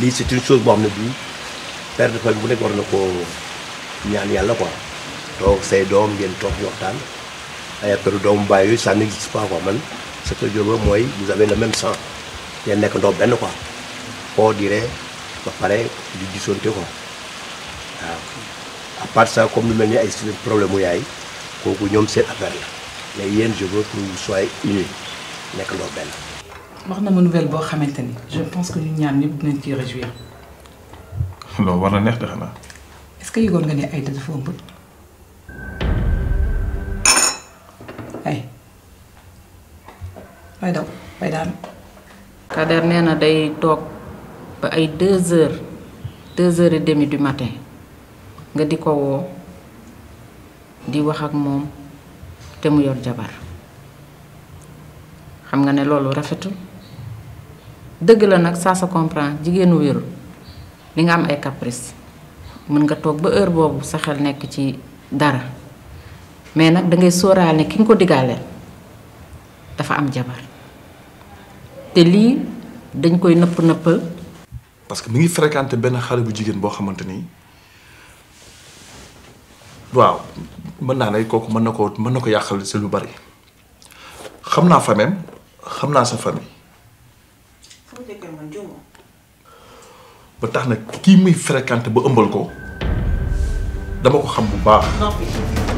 lii c'est une chose boo xam ne bii père de famille bu nekk war na ko ñaan yàlla quoi donc say doom ngeen toog ñu waxtaan ay affaire doomu baay yooyu ça n'existe mooy vous avez le même sang nekk ndox benn ko foo diree ba pare di gisonte quoi waaw à part ça comme lu mel ni ay problème yaay kooku ñoom seen affaire la mais yéen je veux que vous nekk ndox benn wax na ma nouvelle boo xamante ni je pense que ñu ñaan ñëpp dinañ ciy réjouir. loolu war na neex de xanaa. est-ce que yëgoon nga ne ay bay daw bay na day toog ba ay deux heures deux heures et demie du matin nga di ko woo di wax ak moom te mu yor jabar xam nga ne loolu rafetul. dëgg la nag ça se comprend jigéenu wérul li nga am ay caprice mën nga toog ba heure boobu sa xel nekk ci dara mais nag dangay sóoraal ne ki nga ko digaaleel dafa am jabar te lii dañ koy nëpp nëppal. parce que mi ngi fréquenté benn xare bu jigéen boo xamante ni waaw mën naa ne kooku mën na ko mën na ko yàqal si lu bari xam naa famem xam naa sa famille. jëkkër ba tax na kii muy frekante ba ëmbal ko dama ko xam bu baax.